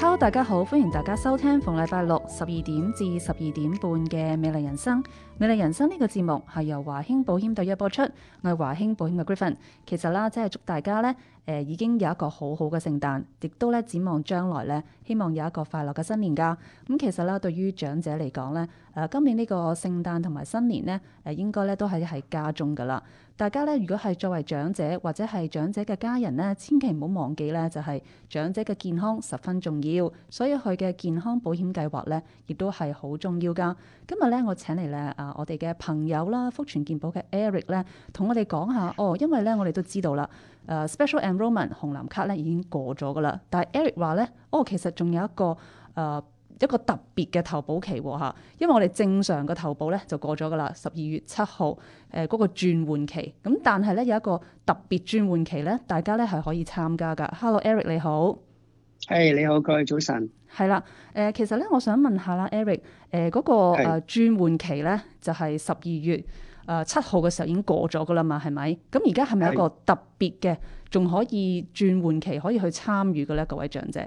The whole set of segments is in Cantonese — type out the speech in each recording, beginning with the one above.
Hello 大家好，歡迎大家收聽逢禮拜六十二點至十二點半嘅美麗人生。美麗人生呢個節目係由華興保險特約播出，我係華興保險嘅 Griffin。其實啦，即係祝大家咧誒、呃，已經有一個好好嘅聖誕，亦都咧展望將來咧，希望有一個快樂嘅新年噶。咁、嗯、其實啦，對於長者嚟講咧，誒、呃，今年呢個聖誕同埋新年咧，誒、呃，應該咧都係系家中噶啦。大家咧，如果係作為長者或者係長者嘅家人咧，千祈唔好忘記咧，就係長者嘅健康十分重要，所以佢嘅健康保險計劃咧，亦都係好重要噶。今日咧，我請嚟咧啊，我哋嘅朋友啦，福全健保嘅 Eric 咧，同我哋講下哦，因為咧，我哋都知道啦，誒、呃、Special Enrollment 紅藍卡咧已經過咗噶啦，但係 Eric 話咧，哦，其實仲有一個誒、呃一個特別嘅投保期喎，因為我哋正常嘅投保咧就過咗噶啦，十二月七號誒嗰個轉換期，咁但係咧有一個特別轉換期咧，大家咧係可以參加噶。Hello Eric 你好，係、hey, 你好各位早晨，係啦誒，其實咧我想問下啦，Eric 誒、呃、嗰、嗰個誒轉換期咧就係十二月誒七號嘅時候已經過咗噶啦嘛係咪？咁而家係咪一個特別嘅仲可以轉換期可以去參與嘅咧？各位長者。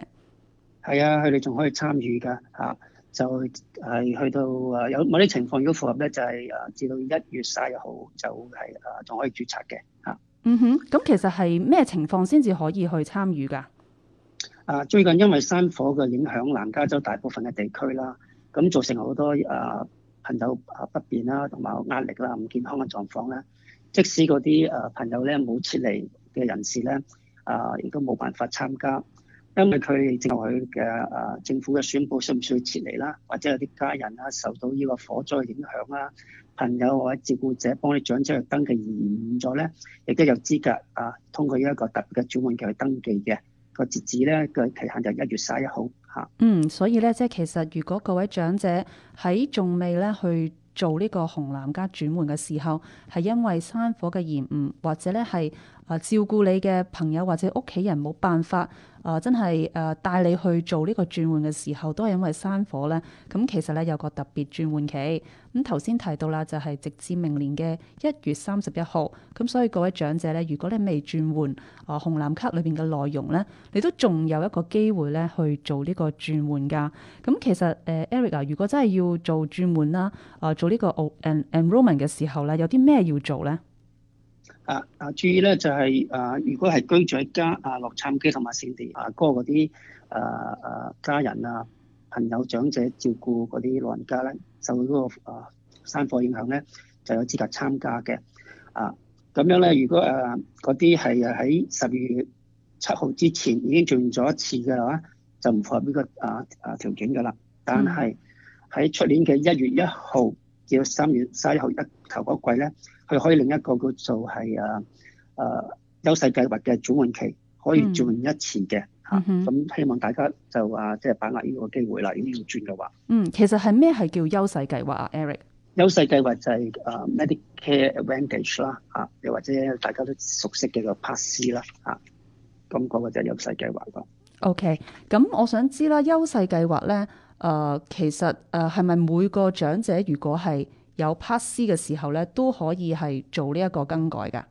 係啊，佢哋仲可以參與㗎嚇、啊，就係、啊、去到啊有某啲情況如果符合咧，就係、是、啊至到一月卅號就係啊仲可以註冊嘅嚇。嗯哼，咁、嗯嗯、其實係咩情況先至可以去參與㗎？啊，最近因為山火嘅影響，南加州大部分嘅地區啦，咁、啊、造成好多啊朋友啊不便啦，同埋壓力啦、唔健康嘅狀況咧、啊。即使嗰啲啊朋友咧冇撤離嘅人士咧，啊亦都冇辦法參加。因為佢正話嘅啊政府嘅宣佈，需唔需要撤離啦，或者有啲家人啦受到呢個火災影響啦，朋友或者照顧者幫你長者去登記延誤咗咧，亦都有資格啊通過呢一個特別嘅轉換期去登記，嘅個截止咧佢期限就係一月三十一號嚇。嗯，所以咧即係其實如果各位長者喺仲未咧去做呢個紅藍卡轉換嘅時候，係因為山火嘅延誤或者咧係。啊，照顧你嘅朋友或者屋企人冇辦法，啊真係誒、呃、帶你去做呢個轉換嘅時候，都係因為山火咧。咁、嗯、其實咧有個特別轉換期。咁頭先提到啦，就係、是、直至明年嘅一月三十一號。咁、嗯、所以各位長者咧，如果你未轉換啊紅藍卡裏邊嘅內容咧，你都仲有一個機會咧去做呢個轉換噶。咁、嗯、其實誒、呃、Erica、啊、如果真係要做轉換啦，啊、呃、做，做呢個 enrollment 嘅時候咧，有啲咩要做咧？啊啊，注意咧，就係、是、啊，如果係居住喺家啊洛杉磯同埋聖地啊哥嗰啲啊啊家人啊朋友長者照顧嗰啲老人家咧，受嗰、那個啊山火影響咧，就有資格參加嘅啊。咁樣咧，如果誒嗰啲係喺十二月七號之前已經做完咗一次嘅啦話，就唔符合呢、這個啊啊條件嘅啦。但係喺出年嘅一月一號至到三月三十一號一頭嗰季咧。佢可以另一個叫做係啊啊優勢計劃嘅轉換期，嗯、可以轉換一次嘅嚇。咁、啊嗯、希望大家就啊即係、就是、把握呢個機會啦，已經要轉嘅話。嗯，其實係咩係叫優勢計劃啊，Eric？優勢計劃就係 Med 啊 Medicare Advantage 啦，啊又或者大家都熟悉嘅個 Part C 啦、啊，啊咁嗰個就係優勢計劃咯。OK，咁我想知啦，優勢計劃咧，誒、呃、其實誒係咪每個長者如果係？有 pass 嘅時候咧，都可以係做呢一個更改嘅。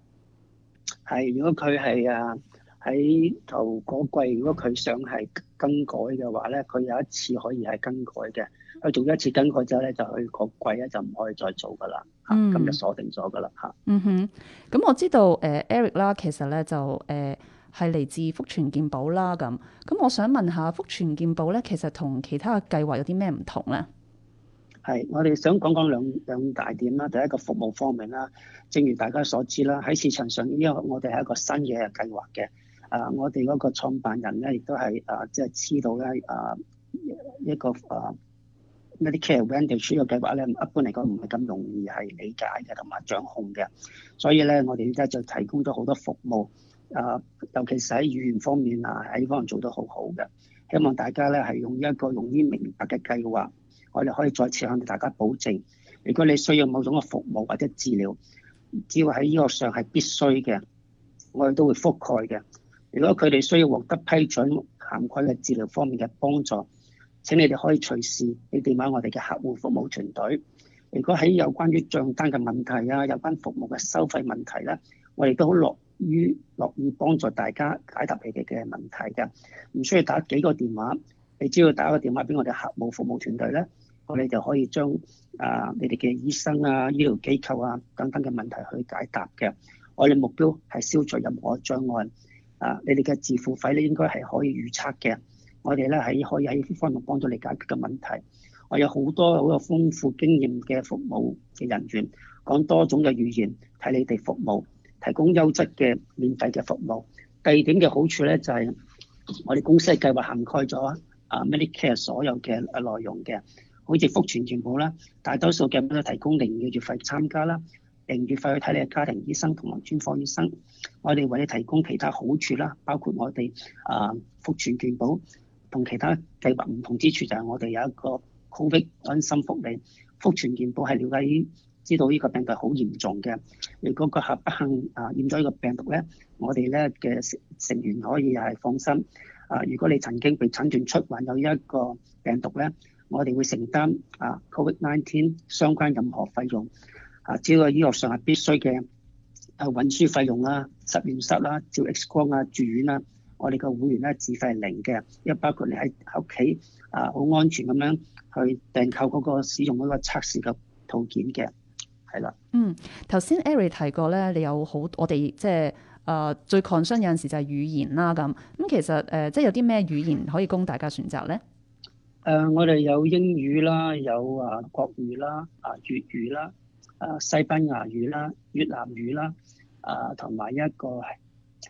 係，如果佢係啊喺頭個季，如果佢想係更改嘅話咧，佢有一次可以係更改嘅。佢做一次更改之後咧，就去、是、個季咧就唔可以再做噶啦。嗯，咁就鎖定咗噶啦嚇。嗯哼，咁、嗯、我知道誒 Eric 啦，其實咧就誒係嚟自福全健保啦咁。咁我想問下福全健保咧，其實同其他嘅計劃有啲咩唔同咧？係，我哋想講講兩兩大點啦，第一個服務方面啦，正如大家所知啦，喺市場上因為我哋係一個新嘅計劃嘅。啊，我哋嗰個創辦人咧，亦都係啊，即係知道咧啊，一個啊 Medicare Advantage 嘅計劃咧，一般嚟講唔係咁容易係理解嘅同埋掌控嘅。所以咧，我哋而家就提供咗好多服務，啊，尤其是喺語言方面啊，喺呢方面做得好好嘅。希望大家咧係用一個容易明白嘅計劃。我哋可以再次向大家保證，如果你需要某種嘅服務或者治療，只要喺醫學上係必須嘅，我哋都會覆蓋嘅。如果佢哋需要獲得批准，涵蓋嘅治療方面嘅幫助，請你哋可以隨時，你電話我哋嘅客戶服務團隊。如果喺有關於賬單嘅問題啊，有關服務嘅收費問題咧，我哋都好樂於樂意幫助大家解答你哋嘅問題嘅。唔需要打幾個電話，你只要打個電話話俾我哋客戶服務團隊咧，我哋就可以將啊，你哋嘅醫生啊、醫療機構啊等等嘅問題去解答嘅。我哋目標係消除任何障礙。啊，你哋嘅自付費咧應該係可以預測嘅。我哋咧喺可以喺呢方面幫到你解決嘅問題。我有好多好有豐富經驗嘅服務嘅人員，講多種嘅語言，替你哋服務，提供優質嘅免費嘅服務。第二點嘅好處咧就係、是、我哋公司係計劃涵蓋咗啊，Medicare 所有嘅啊內容嘅。每隻福全健保啦，大多數嘅都提供零月費參加啦，零月費去睇你嘅家庭醫生同埋專科醫生，我哋為你提供其他好處啦，包括我哋啊福全健保同其他計劃唔同之處就係我哋有一個 COVID 安心福利。福全健保係瞭解於知道呢個病毒係好嚴重嘅，如果個客不幸啊染咗呢個病毒咧，我哋咧嘅成成員可以係放心啊。如果你曾經被診斷出患有呢一個病毒咧，我哋會承擔啊，COVID nineteen 相關任何費用啊，只要係醫學上係必須嘅啊運輸費用啦、啊、實驗室啦、啊、照 X 光啊、住院啦、啊，我哋個會員咧、啊、自費係零嘅，亦包括你喺喺屋企啊好安全咁樣去訂購嗰個使用嗰個測試嘅套件嘅，係啦。嗯，頭先 Eric 提過咧，你有好我哋即係啊最 concern 有陣時就係語言啦、啊、咁，咁、嗯、其實誒即係有啲咩語言可以供大家選擇咧？誒，uh, 我哋有英語啦，有啊國語啦，啊粵語啦，啊西班牙語啦，越南語啦，啊同埋一個係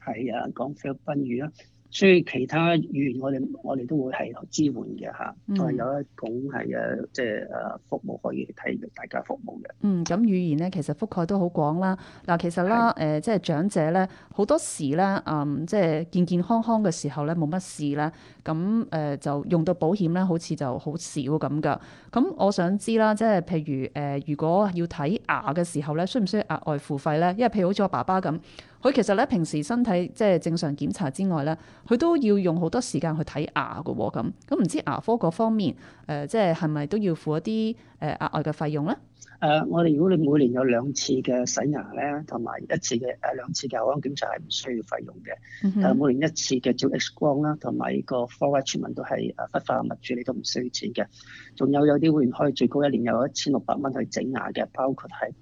係啊講菲律賓語啦。所以其他語言我哋我哋都會係支援嘅嚇，嗯、都係有一種係誒即係誒服務可以睇大家服務嘅。嗯，咁語言咧其實覆蓋都好廣啦。嗱，其實啦誒是、呃，即係長者咧好多時咧，嗯，即係健健康康嘅時候咧冇乜事啦，咁、嗯、誒、呃、就用到保險咧，好似就好少咁噶。咁我想知啦，即係譬如誒、呃，如果要睇牙嘅時候咧，需唔需要額外付費咧？因為譬如好似我爸爸咁。佢其實咧平時身體即係正常檢查之外咧，佢都要用好多時間去睇牙嘅喎、哦。咁咁唔知牙科嗰方面誒、呃，即係係咪都要付一啲誒額外嘅費用咧？誒、呃，我哋如果你每年有兩次嘅洗牙咧，同埋一次嘅誒兩次嘅口腔檢查係唔需要費用嘅。誒、嗯、哼每年一次嘅照 X 光啦，同埋呢個 for l 全民都係誒氟化物處理，你都唔需要錢嘅。仲有有啲會員可以最高一年有一千六百蚊去整牙嘅，包括係。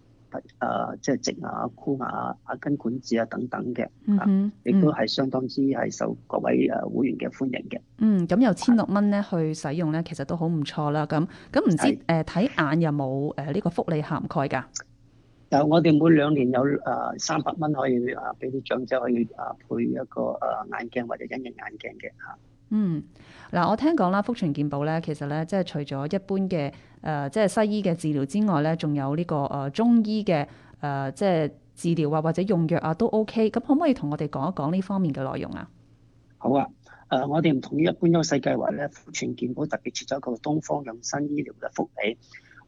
誒，即係直牙、箍牙、就、啊、是、根管治啊等等嘅、嗯，嗯，亦都係相當之係受各位誒會員嘅歡迎嘅。嗯，咁有千六蚊咧去使用咧，其實都好唔錯啦。咁，咁唔知誒睇是、呃、眼有冇誒呢個福利涵蓋㗎？就我哋每兩年有誒三百蚊可以啊，俾啲長者可以啊、呃，配一個誒眼鏡或者隱形眼鏡嘅嚇。呃嗯，嗱，我聽講啦，福全健保咧，其實咧，即係除咗一般嘅誒、呃，即係西醫嘅治療之外咧，仲有呢、這個誒、呃、中醫嘅誒、呃，即係治療啊或者用藥啊都 O、OK、K。咁、嗯、可唔可以同我哋講一講呢方面嘅內容啊？好啊，誒、呃，我哋唔同於一般優勢計劃咧，福全健保特別設咗一個東方養生醫療嘅福利。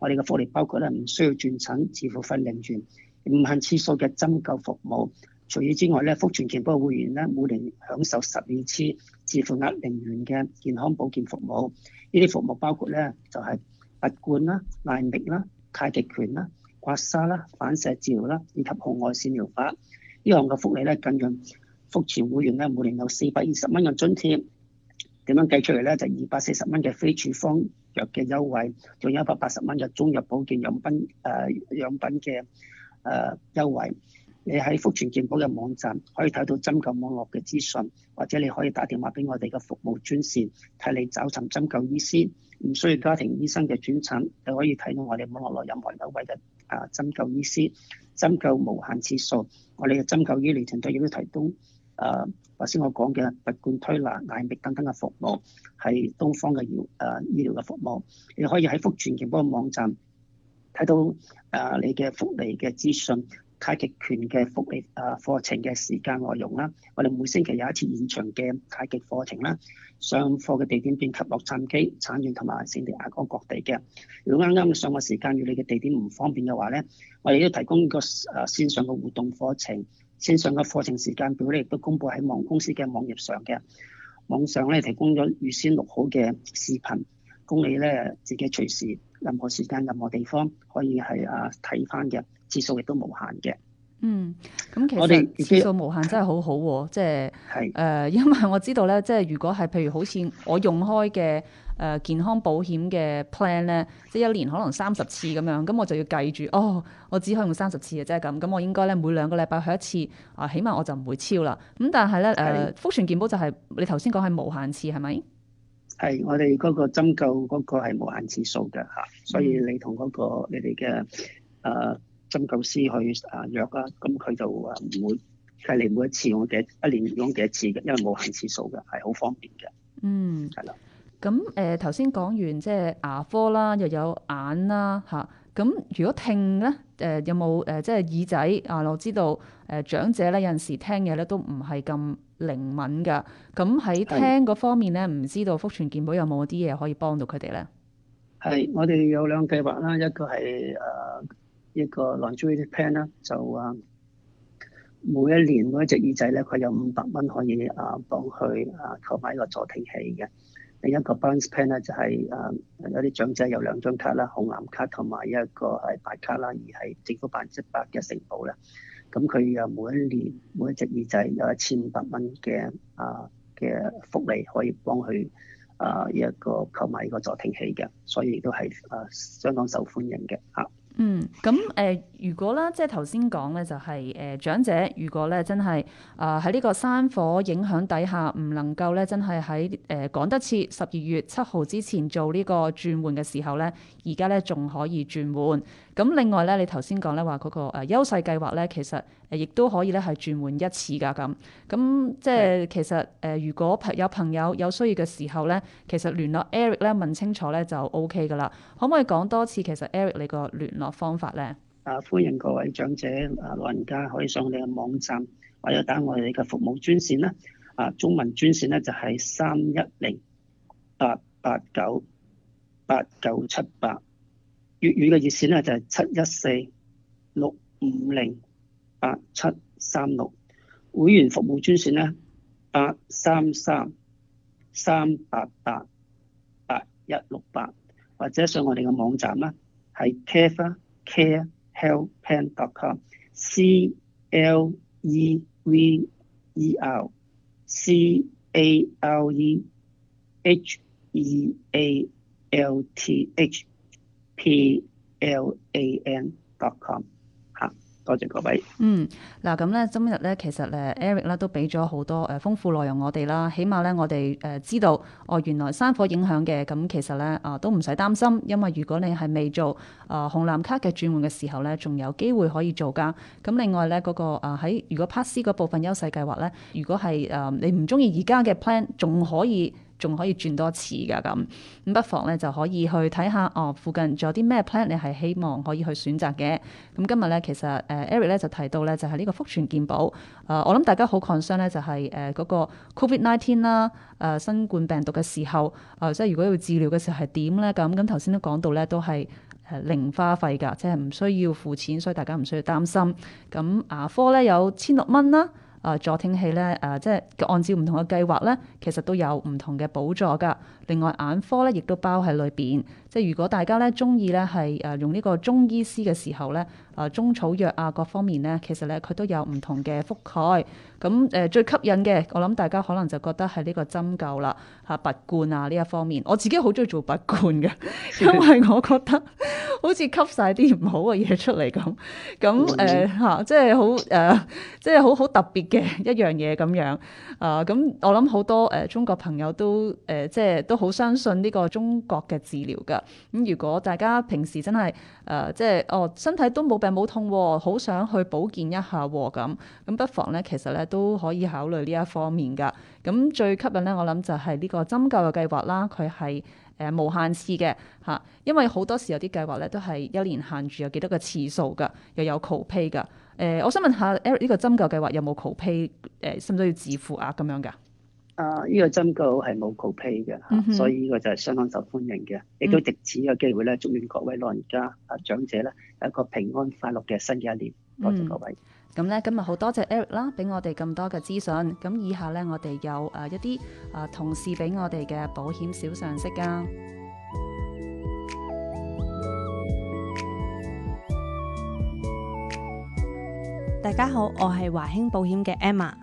我哋嘅福利包括咧，唔需要轉診、自付費零元、唔限次數嘅針灸服務。除此之外咧，福全健保嘅會員咧，每年享受十二次自付額零元嘅健康保健服務，呢啲服務包括咧就係、是、拔罐啦、艾彌啦、太極拳啦、刮痧啦、反射治療啦，以及紅外線療法。呢項嘅福利咧，更讓福全會員咧每年有四百二十蚊嘅津貼。點樣計出嚟咧？就二百四十蚊嘅非處方藥嘅優惠，仲有一百八十蚊嘅中藥保健飲品誒飲、呃、品嘅誒優惠。你喺福全健保嘅網站可以睇到針灸網絡嘅資訊，或者你可以打電話俾我哋嘅服務專線，替你找尋針灸醫師，唔需要家庭醫生嘅轉診，你可以睇到我哋網絡內任何一位嘅啊針灸醫師，針灸無限次數。我哋嘅針灸醫療團隊亦都提供誒，頭先我講嘅拔罐、推拿、艾密等等嘅服務，係東方嘅醫誒醫療嘅服務。你可以喺福全健保嘅網站睇到誒你嘅福利嘅資訊。太極拳嘅福利啊課程嘅時間內容啦，我哋每星期有一次現場嘅太極課程啦，上課嘅地點遍及洛杉磯產院同埋聖地牙哥各地嘅，如果啱啱上課時間與你嘅地點唔方便嘅話咧，我哋都提供個啊線上嘅活動課程，線上嘅課程時間表咧亦都公布喺網公司嘅網頁上嘅。網上咧提供咗預先錄好嘅視頻，供你咧自己隨時。任何時間、任何地方可以係啊睇翻，嘅次數亦都無限嘅，嗯。嗯，咁其實次數無限真係好好喎，即係誒，因為我知道咧，即係如果係譬如好似我用開嘅誒，呃、健康保險嘅 plan 咧，即係一年可能三十次咁樣，咁我就要計住哦，我只可以用三十次嘅啫，咁，咁，係咁，我應該咧每兩個禮拜去一次啊，呃，起碼我就唔會超啦。咁但係咧誒，福全健保就係你頭先講係無限次係咪？係，我哋嗰個針灸嗰個係無限次數嘅嚇，所以你同嗰個你哋嘅誒針灸師去誒約啊，咁佢就話唔會計你每一次用幾，一年用幾多次嘅，因為無限次數嘅，係好方便嘅。嗯，係啦的。咁誒頭先講完即係牙科啦，又有眼啦嚇。咁、啊、如果聽咧誒、呃、有冇誒、呃、即係耳仔啊？我知道誒、呃、長者咧有陣時聽嘢咧都唔係咁靈敏㗎，咁喺聽嗰方面咧，唔是知道福全健保有冇啲嘢可以幫到佢哋咧？係，我哋有兩計劃啦，一個係誒、呃、一個 luxury plan 啦，就啊每一年嗰一隻耳仔咧，佢有五百蚊可以啊幫佢啊購買一個助聽器嘅。另一個 balance plan 咧就係、是、誒、呃、有啲長者有兩張卡啦，紅藍卡同埋一個係白卡啦，而係政府百分之百嘅承保啦。咁佢又每一年每一隻耳仔有一千五百蚊嘅啊嘅福利，可以幫佢啊一個購買一個助聽器嘅，所以都係啊相當受歡迎嘅嚇。嗯，咁誒，如果咧，即係頭先講咧，就係誒長者，如果咧真係啊喺呢個山火影響底下，唔能夠咧真係喺誒講得切十二月七號之前做呢個轉換嘅時候咧，而家咧仲可以轉換。咁另外咧，你頭先講咧話嗰個誒優勢計劃咧，其實誒亦都可以咧係轉換一次㗎咁。咁即係其實誒，如果朋有朋友有需要嘅時候咧，其實聯絡 Eric 咧問清楚咧就 OK 㗎啦。可唔可以講多次？其實 Eric 你個聯絡方法咧？啊，歡迎各位長者啊老人家可以上我哋嘅網站或者打我哋嘅服務專線啦。啊，中文專線咧就係三一零八八九八九七八。粵語嘅熱線咧就係七一四六五零八七三六，36，會員服務專線咧八三三三八八八一六八，8 8，或者上我哋嘅網站啦，係 clevercarehealthplan.com，c l e v e r c a r e h e a l t h plan.com 吓，L A、Com. 多謝各位。嗯，嗱咁咧，今日咧，其實誒，Eric 咧都俾咗好多誒豐、呃、富內容我哋啦。起碼咧，我哋誒知道，哦，原來山火影響嘅，咁、嗯、其實咧啊、呃，都唔使擔心，因為如果你係未做啊、呃、紅藍卡嘅轉換嘅時候咧，仲有機會可以做噶。咁、嗯、另外咧，嗰、那個誒喺、呃、如果 Part C 部分優勢計劃咧，如果係誒、呃、你唔中意而家嘅 plan，仲可以。仲可以轉多次㗎。咁，咁不妨咧就可以去睇下哦，附近仲有啲咩 plan 你係希望可以去選擇嘅。咁今日咧，其實誒 Eric 咧就提到咧就係呢個福全健保誒、呃，我諗大家好 concern 咧就係誒嗰個 COVID nineteen 啦誒、呃、新冠病毒嘅時候誒、呃，即係如果要治療嘅時候係點咧？咁咁頭先都講到咧都係誒零花費㗎，即係唔需要付錢，所以大家唔需要擔心。咁牙科咧有千六蚊啦。啊，助聽器咧，誒、呃呃、即係按照唔同嘅計劃咧，其實都有唔同嘅補助㗎。另外眼科咧，亦都包喺裏邊。即係如果大家咧中意，咧係誒用呢個中醫師嘅時候咧，誒、呃、中草藥啊各方面咧，其實咧佢都有唔同嘅覆蓋。咁、嗯、誒、呃、最吸引嘅，我諗大家可能就覺得係呢個針灸啦，吓、啊、拔罐啊呢一方面。我自己好中意做拔罐嘅，因為我覺得好似吸晒啲唔好嘅嘢出嚟咁。咁誒吓，即係好誒，即係好好特別嘅一樣嘢咁樣。啊，咁、呃呃嗯、我諗好多誒、呃、中國朋友都誒、呃、即係都。好相信呢個中國嘅治療噶，咁、嗯、如果大家平時真係誒、呃，即係哦身體都冇病冇痛、啊，好想去保健一下喎、啊，咁咁不妨咧，其實咧都可以考慮呢一方面噶。咁、嗯、最吸引咧，我諗就係呢個針灸嘅計劃啦，佢係誒無限次嘅嚇、啊，因為好多時有啲計劃咧都係一年限住有幾多個次數噶，又有 copay 噶。誒、呃，我想問下 Eric 呢個針灸計劃有冇 copay、呃、誒，需唔需要自付額咁樣噶？啊！依個針灸係冇 copay 嘅，所以依個就係相當受歡迎嘅，亦都藉此有機會咧，祝願各位老人家啊長者咧有一個平安快樂嘅新一年。多謝各位。咁咧今日好多謝 Eric 啦，俾我哋咁多嘅資訊。咁以下咧我哋有誒一啲誒同事俾我哋嘅保險小常識㗎。大家好，我係華興保險嘅 Emma。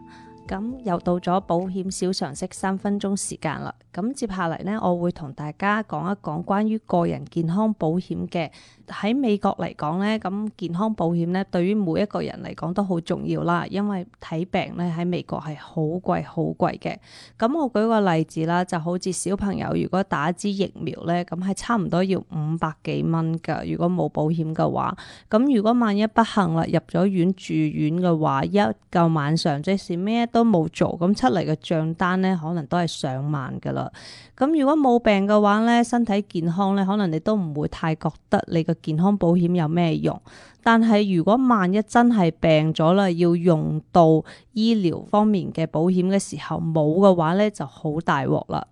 咁又到咗保險小常識三分鐘時間啦，咁、嗯、接下嚟呢，我會同大家講一講關於個人健康保險嘅。喺美國嚟講呢，咁健康保險呢，對於每一個人嚟講都好重要啦，因為睇病呢喺美國係好貴好貴嘅。咁、嗯、我舉個例子啦，就好似小朋友如果打一支疫苗呢，咁係差唔多要五百幾蚊㗎。如果冇保險嘅話，咁、嗯、如果萬一不幸啦，入咗院住院嘅話，一個晚上即係咩都～都冇做，咁出嚟嘅賬單呢，可能都係上萬噶啦。咁如果冇病嘅話呢，身體健康呢，可能你都唔會太覺得你嘅健康保險有咩用。但係如果萬一真係病咗啦，要用到醫療方面嘅保險嘅時候冇嘅話呢，就好大鑊啦。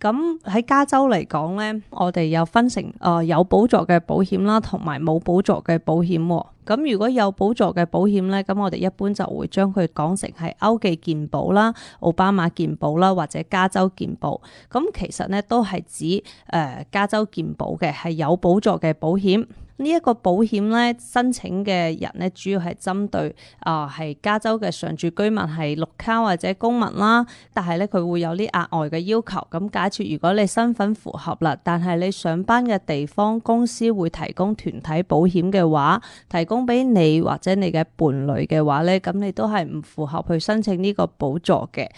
咁喺加州嚟講咧，我哋又分成誒有補助嘅保險啦，同埋冇補助嘅保險喎。咁如果有補助嘅保險咧，咁我哋一般就會將佢講成係歐記健保啦、奧巴馬健保啦，或者加州健保。咁其實咧都係指誒、呃、加州健保嘅，係有補助嘅保險。呢一個保險咧，申請嘅人咧，主要係針對啊，係、呃、加州嘅常住居民係綠卡或者公民啦。但係咧，佢會有啲額外嘅要求。咁假設如果你身份符合啦，但係你上班嘅地方公司會提供團體保險嘅話，提供俾你或者你嘅伴侶嘅話咧，咁你都係唔符合去申請呢個補助嘅。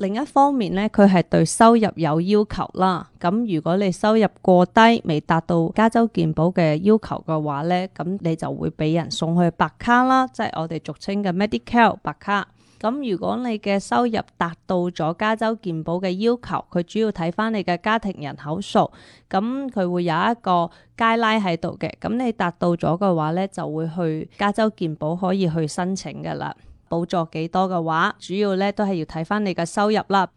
另一方面咧，佢係對收入有要求啦。咁如果你收入過低，未達到加州健保嘅要求嘅話咧，咁你就會俾人送去白卡啦，即係我哋俗稱嘅 Medi-Cal 白卡。咁如果你嘅收入達到咗加州健保嘅要求，佢主要睇返你嘅家庭人口數，咁佢會有一個 guideline 喺度嘅。咁你達到咗嘅話咧，就會去加州健保可以去申請㗎啦。補助幾多嘅話，主要咧都係要睇翻你嘅收入啦。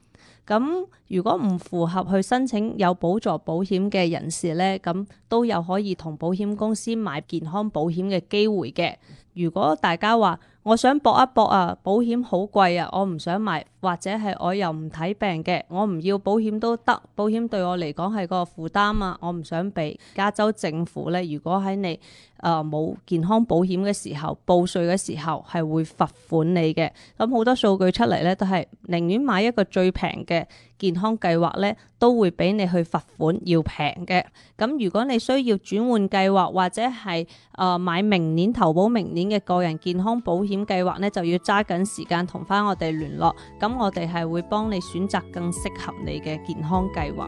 咁如果唔符合去申請有補助保險嘅人士咧，咁都有可以同保險公司買健康保險嘅機會嘅。如果大家話，我想搏一搏啊！保險好貴啊，我唔想買，或者係我又唔睇病嘅，我唔要保險都得。保險對我嚟講係個負擔啊，我唔想俾加州政府咧。如果喺你誒冇、呃、健康保險嘅時候報稅嘅時候係會罰款你嘅。咁好多數據出嚟咧，都係寧願買一個最平嘅。健康計劃咧都會畀你去罰款要平嘅，咁如果你需要轉換計劃或者係誒、呃、買明年投保明年嘅個人健康保險計劃咧，就要揸緊時間同返我哋聯絡，咁我哋係會幫你選擇更適合你嘅健康計劃。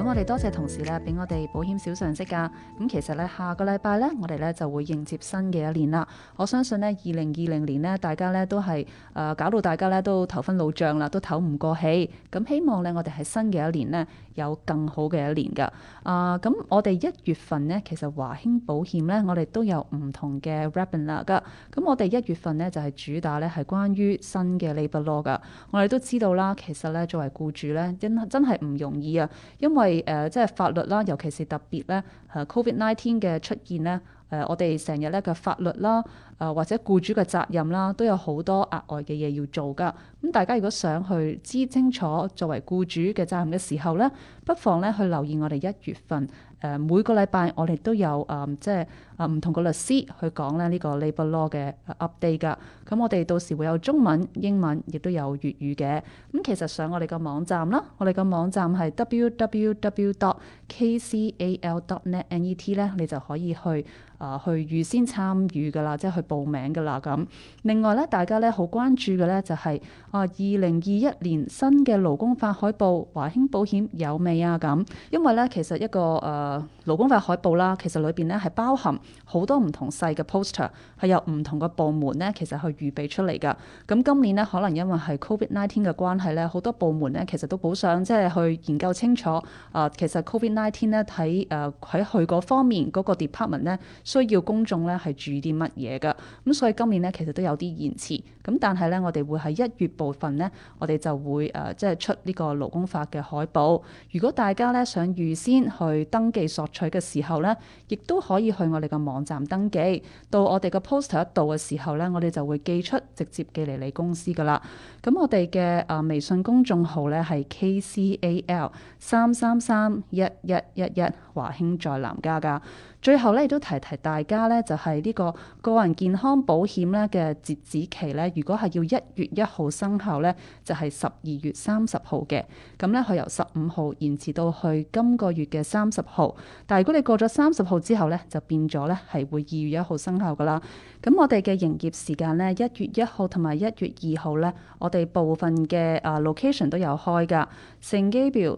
咁我哋多謝同事咧，俾我哋保險小常識噶。咁其實咧，下個禮拜咧，我哋咧就會迎接新嘅一年啦。我相信咧，二零二零年咧，大家咧都係誒、呃，搞到大家咧都頭昏腦脹啦，都唞唔過氣。咁希望咧，我哋喺新嘅一年咧。有更好嘅一年噶，啊、uh, 嗯，咁我哋一月份呢，其實華興保險呢，我哋都有唔同嘅 rebrand 啦。咁、嗯，我哋一月份呢，就係、是、主打呢係關於新嘅 labor law 噶。我哋都知道啦，其實呢，作為僱主呢，真真係唔容易啊，因為誒、呃、即係法律啦，尤其是特別呢 covid nineteen 嘅出現呢。誒、呃，我哋成日咧嘅法律啦，誒、呃、或者僱主嘅責任啦，都有好多額外嘅嘢要做㗎。咁、呃、大家如果想去知清楚作為僱主嘅責任嘅時候咧，不妨咧去留意我哋一月份誒、呃、每個禮拜我哋都有誒、呃、即係。啊，唔同個律師去講咧呢、這個 l a b o r law 嘅 update 㗎。咁、啊嗯、我哋到時會有中文、英文，亦都有粵語嘅。咁、嗯、其實上我哋個網站啦，我哋個網站係 w w w dot k c a l dot n e t 咧，你就可以去啊去預先參與㗎啦，即係去報名㗎啦咁。另外咧，大家咧好關注嘅咧就係、是、啊，二零二一年新嘅勞工法海報，華興保險有未啊？咁因為咧，其實一個誒。呃勞工法海報啦，其實裏邊咧係包含好多唔同細嘅 poster，係由唔同嘅部門咧，其實去預備出嚟嘅。咁今年咧，可能因為係 covid nineteen 嘅關係咧，好多部門咧其實都好想即係去研究清楚啊、呃，其實 covid nineteen 咧喺誒喺佢嗰方面嗰、嗰個 department 咧需要公眾咧係注意啲乜嘢嘅。咁所以今年咧其實都有啲延遲。咁但係咧，我哋會喺一月部分咧，我哋就會誒即係出呢個勞工法嘅海報。如果大家咧想預先去登記索佢嘅時候呢，亦都可以去我哋嘅網站登記。到我哋嘅 poster 一到嘅時候呢，我哋就會寄出，直接寄嚟你公司噶啦。咁我哋嘅誒微信公眾號呢，係 KCAL 三三三一一一一華興在南加噶。最後咧，亦都提提大家咧，就係呢個個人健康保險咧嘅截止期咧，如果係要一月一號生效咧，就係十二月三十號嘅。咁咧，佢由十五號延遲到去今個月嘅三十號。但係如果你過咗三十號之後咧，就變咗咧係會二月一號生效噶啦。咁我哋嘅營業時間咧，一月一號同埋一月二號咧，我哋部分嘅啊 location 都有開噶。乘機票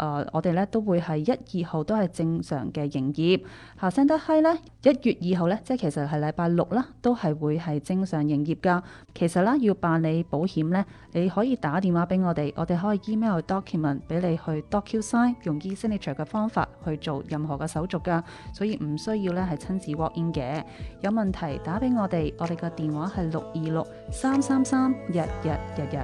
誒，我哋咧都會係一、二號都係正常嘅營業。下星期呢，一月二號呢，即係其實係禮拜六啦，都係會係正常營業噶。其實啦，要辦理保險呢，你可以打電話俾我哋，我哋可以 email document 俾你去 DocuSign，用 electronic 嘅方法去做任何嘅手續噶。所以唔需要呢係親自 walk in 嘅。有問題打俾我哋，我哋嘅電話係六二六三三三日日日日。